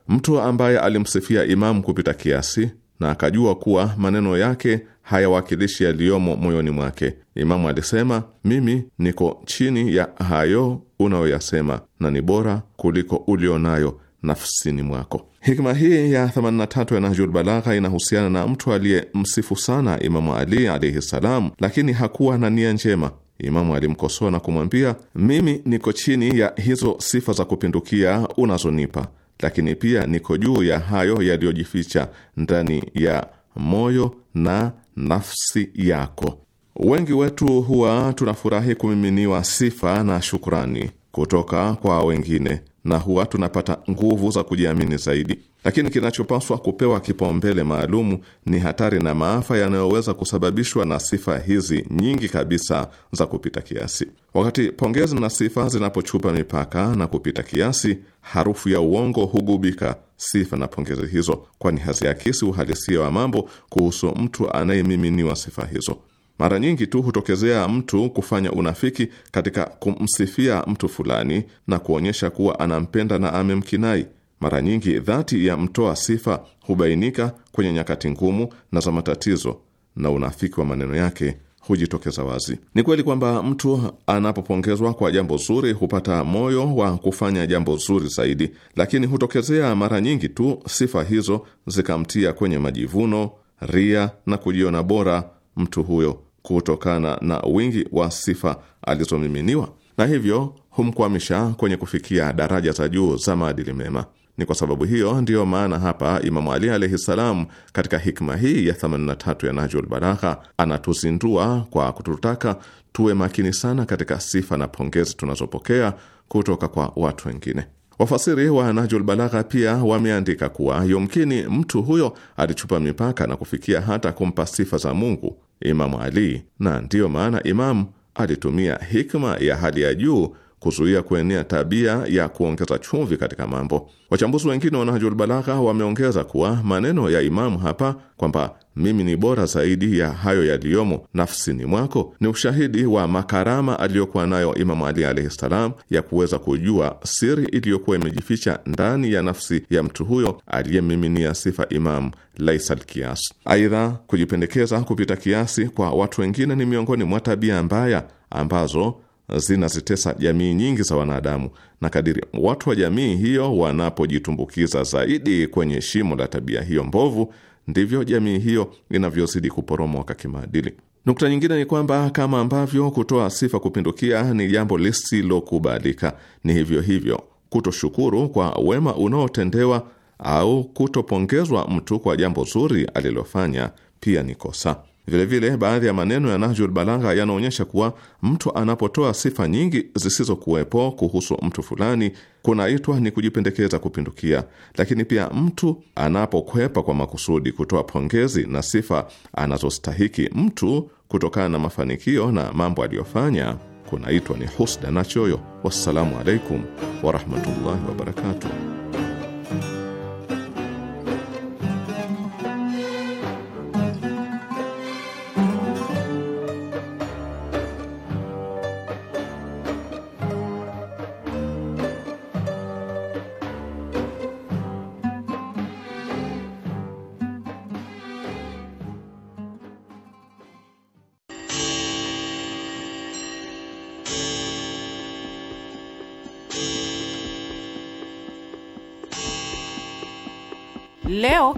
mtu ambaye alimsifia imamu kupita kiasi na akajua kuwa maneno yake hayawakilishi yaliyomo moyoni mwake. Imamu alisema mimi niko chini ya hayo unayoyasema na ni bora kuliko ulionayo nafsini mwako. Hikma hii ya 83 ya Nahjul Balagha inahusiana na mtu aliyemsifu sana Imamu Ali alaihi salam, lakini hakuwa na nia njema. Imamu alimkosoa na kumwambia, mimi niko chini ya hizo sifa za kupindukia unazonipa, lakini pia niko juu ya hayo yaliyojificha ndani ya moyo na nafsi yako. Wengi wetu huwa tunafurahi kumiminiwa sifa na shukrani kutoka kwa wengine na huwa tunapata nguvu za kujiamini zaidi, lakini kinachopaswa kupewa kipaumbele maalumu ni hatari na maafa yanayoweza kusababishwa na sifa hizi nyingi kabisa za kupita kiasi. Wakati pongezi na sifa zinapochupa mipaka na kupita kiasi, harufu ya uongo hugubika sifa na pongezi hizo, kwani haziakisi uhalisia wa mambo kuhusu mtu anayemiminiwa sifa hizo. Mara nyingi tu hutokezea mtu kufanya unafiki katika kumsifia mtu fulani na kuonyesha kuwa anampenda na amemkinai. Mara nyingi dhati ya mtoa sifa hubainika kwenye nyakati ngumu na za matatizo, na unafiki wa maneno yake hujitokeza wazi. Ni kweli kwamba mtu anapopongezwa kwa jambo zuri hupata moyo wa kufanya jambo zuri zaidi, lakini hutokezea mara nyingi tu sifa hizo zikamtia kwenye majivuno, ria na kujiona bora mtu huyo kutokana na wingi wa sifa alizomiminiwa, na hivyo humkwamisha kwenye kufikia daraja za juu za maadili mema. Ni kwa sababu hiyo ndiyo maana hapa Imamu Ali alaihi ssalam, katika hikma hii ya 83 ya Najul Balagha anatuzindua kwa kututaka tuwe makini sana katika sifa na pongezi tunazopokea kutoka kwa watu wengine. Wafasiri wa najul Balagha pia wameandika kuwa yumkini mtu huyo alichupa mipaka na kufikia hata kumpa sifa za Mungu Imamu Ali, na ndiyo maana Imamu alitumia hikma ya hali ya juu kuzuia kuenea tabia ya kuongeza chumvi katika mambo. Wachambuzi wengine wa Nahjul Balagha wameongeza kuwa maneno ya Imamu hapa kwamba mimi ni bora zaidi ya hayo yaliyomo nafsini mwako ni ushahidi wa makarama aliyokuwa nayo Imamu Ali alaihi salam ya kuweza kujua siri iliyokuwa imejificha ndani ya nafsi ya mtu huyo aliyemiminia sifa imamu laisa kias. Aidha, kujipendekeza kupita kiasi kwa watu wengine ni miongoni mwa tabia mbaya ambazo zinazitesa jamii nyingi za wanadamu, na kadiri watu wa jamii hiyo wanapojitumbukiza zaidi kwenye shimo la tabia hiyo mbovu ndivyo jamii hiyo inavyozidi kuporomoka kimaadili. Nukta nyingine ni kwamba kama ambavyo kutoa sifa kupindukia ni jambo lisilokubalika, ni hivyo hivyo kutoshukuru kwa wema unaotendewa au kutopongezwa mtu kwa jambo zuri alilofanya pia ni kosa. Vilevile vile, baadhi ya maneno ya Nahjul Balagha yanaonyesha kuwa mtu anapotoa sifa nyingi zisizokuwepo kuhusu mtu fulani kunaitwa ni kujipendekeza kupindukia, lakini pia mtu anapokwepa kwa makusudi kutoa pongezi na sifa anazostahiki mtu kutokana na mafanikio na mambo aliyofanya kunaitwa ni husda na choyo. Wassalamu alaikum warahmatullahi wabarakatuh.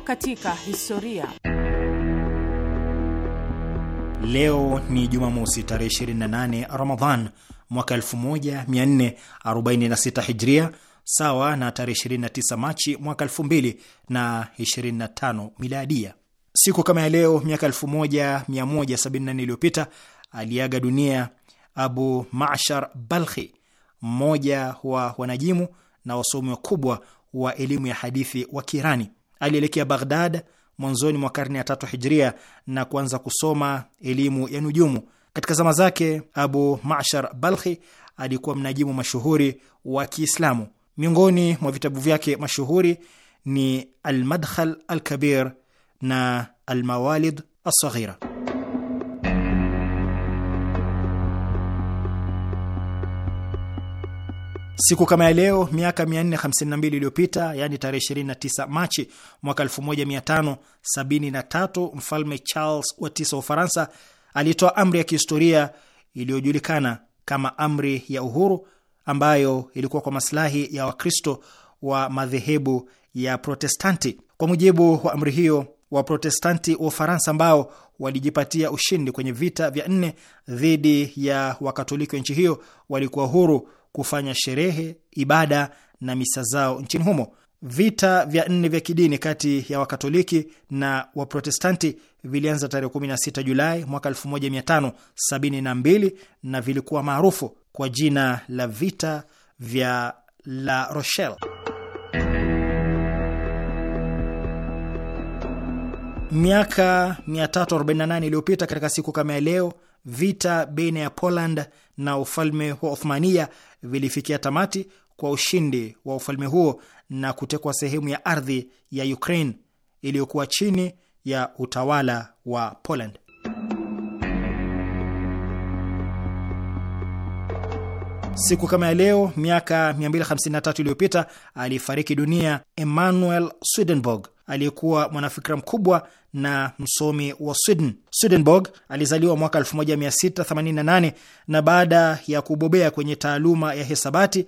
Leo katika historia. Leo ni Jumamosi tarehe 28 Ramadhan mwaka 1446 Hijria, sawa na tarehe 29 Machi mwaka 2025 Miladia. Siku kama ya leo miaka 1174 iliyopita aliaga dunia Abu Mashar Balkhi, mmoja wa wanajimu na wasomi wakubwa wa elimu ya hadithi wa Kirani alielekea Baghdad mwanzoni mwa karne ya tatu hijria na kuanza kusoma elimu ya nujumu. Katika zama zake, Abu Mashar Balkhi alikuwa mnajimu mashuhuri wa Kiislamu. Miongoni mwa vitabu vyake mashuhuri ni Almadkhal Alkabir na Almawalid Alsaghira. Siku kama ya leo miaka 452 iliyopita, yani tarehe 29 Machi mwaka 1573, mfalme Charles wa tisa wa Ufaransa alitoa amri ya kihistoria iliyojulikana kama amri ya uhuru, ambayo ilikuwa kwa masilahi ya Wakristo wa madhehebu ya Protestanti. Kwa mujibu wa amri hiyo, Waprotestanti wa Ufaransa ambao walijipatia ushindi kwenye vita vya nne dhidi ya Wakatoliki wa nchi hiyo walikuwa huru kufanya sherehe, ibada na misa zao nchini humo. Vita vya nne vya kidini kati ya Wakatoliki na Waprotestanti vilianza tarehe 16 Julai mwaka 1572 na vilikuwa maarufu kwa jina la vita vya La Rochelle. Miaka 348 iliyopita katika siku kama ya leo, vita baina ya Poland na ufalme wa Othmania vilifikia tamati kwa ushindi wa ufalme huo na kutekwa sehemu ya ardhi ya Ukraine iliyokuwa chini ya utawala wa Poland. Siku kama ya leo miaka 253 iliyopita alifariki dunia Emmanuel Swedenborg aliyekuwa mwanafikira mkubwa na msomi wa Sweden. Swedenborg alizaliwa mwaka 1688 na baada ya kubobea kwenye taaluma ya hesabati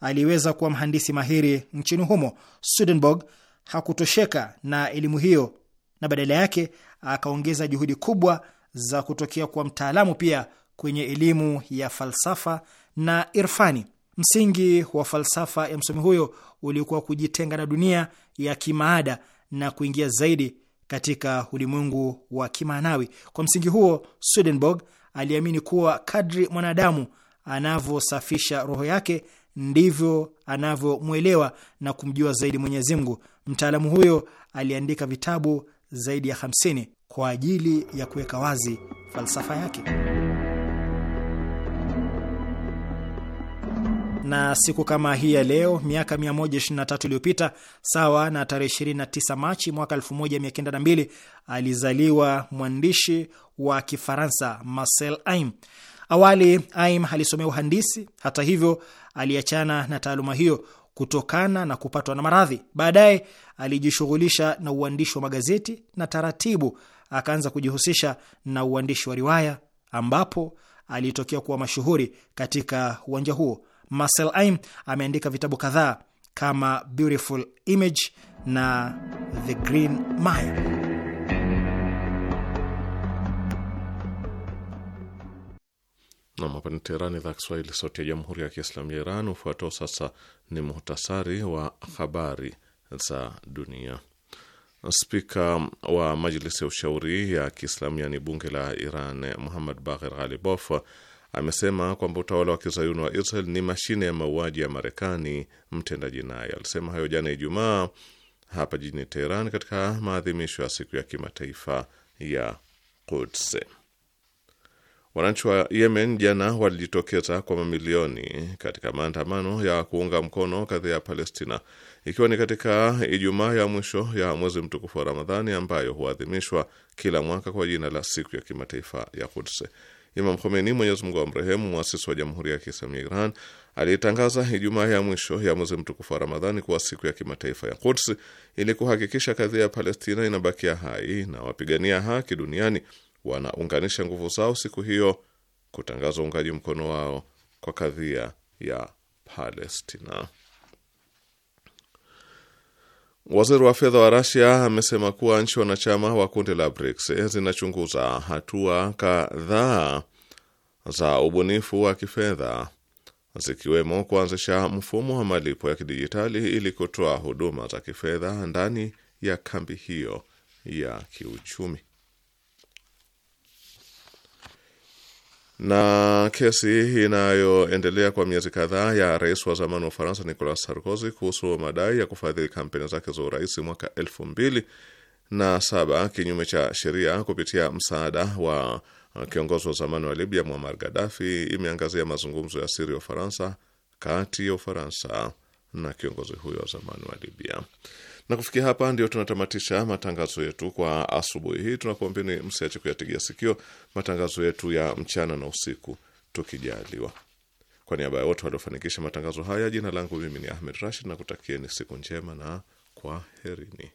aliweza kuwa mhandisi mahiri nchini humo. Swedenborg hakutosheka na elimu hiyo na badala yake akaongeza juhudi kubwa za kutokea kuwa mtaalamu pia kwenye elimu ya falsafa na irfani. Msingi wa falsafa ya msomi huyo ulikuwa kujitenga na dunia ya kimaada na kuingia zaidi katika ulimwengu wa kimaanawi. Kwa msingi huo, Swedenborg aliamini kuwa kadri mwanadamu anavyosafisha roho yake ndivyo anavyomwelewa na kumjua zaidi Mwenyezi Mungu. Mtaalamu huyo aliandika vitabu zaidi ya 50 kwa ajili ya kuweka wazi falsafa yake. na siku kama hii ya leo miaka 123 iliyopita, sawa na tarehe 29 Machi mwaka 1902, alizaliwa mwandishi wa Kifaransa Marcel Aim. Awali Aim alisomea uhandisi. Hata hivyo, aliachana na taaluma hiyo kutokana na kupatwa na maradhi. Baadaye alijishughulisha na uandishi wa magazeti na taratibu akaanza kujihusisha na uandishi wa riwaya ambapo alitokea kuwa mashuhuri katika uwanja huo. Marcel Aim ameandika vitabu kadhaa kama Beautiful Image na The Green Mile. hapa ni idhaa Kiswahili, sauti ya jamhuri ya kiislamu ya Iran. Ufuatao sasa ni muhtasari wa habari za dunia. Spika wa majlisi ya ushauri ya Kiislamu, yaani bunge la Iran, Muhammad Bagher Ghalibof amesema kwamba utawala wa kizayuni wa Israel ni mashine ya mauaji ya Marekani mtendaji naye Alisema hayo jana Ijumaa hapa jijini Teheran katika maadhimisho ya siku ya kimataifa ya Quds. Wananchi wa Yemen jana walijitokeza kwa mamilioni katika maandamano ya kuunga mkono kadhi ya Palestina, ikiwa ni katika Ijumaa ya mwisho ya mwezi mtukufu wa Ramadhani ambayo huadhimishwa kila mwaka kwa jina la siku ya kimataifa ya Quds. Imam Khomeini, Mwenyezi Mungu amrehemu, mwasisi wa Jamhuri ya Kiislamu ya Iran, alitangaza Ijumaa ya mwisho ya mwezi mtukufu wa Ramadhani kuwa siku ya kimataifa ya Quds ili kuhakikisha kadhia ya Palestina inabakia hai na wapigania haki duniani wanaunganisha nguvu zao siku hiyo kutangaza uungaji mkono wao kwa kadhia ya Palestina. Waziri wa fedha wa Rasia amesema kuwa nchi wanachama wa kundi la BRICS zinachunguza hatua kadhaa za ubunifu wa kifedha zikiwemo kuanzisha mfumo wa malipo ya kidijitali ili kutoa huduma za kifedha ndani ya kambi hiyo ya kiuchumi. na kesi inayoendelea kwa miezi kadhaa ya rais wa zamani wa Ufaransa Nicolas Sarkozy kuhusu madai ya kufadhili kampeni zake za urais mwaka elfu mbili na saba kinyume cha sheria kupitia msaada wa kiongozi wa zamani wa Libya Muammar Gaddafi imeangazia mazungumzo ya siri ya Ufaransa kati ya Ufaransa na kiongozi huyo wa zamani wa Libya. Na kufikia hapa ndio tunatamatisha matangazo yetu kwa asubuhi hii. ni msiache kuyategea sikio matangazo yetu ya mchana na usiku tukijaliwa. Kwa niaba ya wote waliofanikisha matangazo haya, jina langu mimi ni Ahmed Rashid na kutakieni siku njema na kwaherini.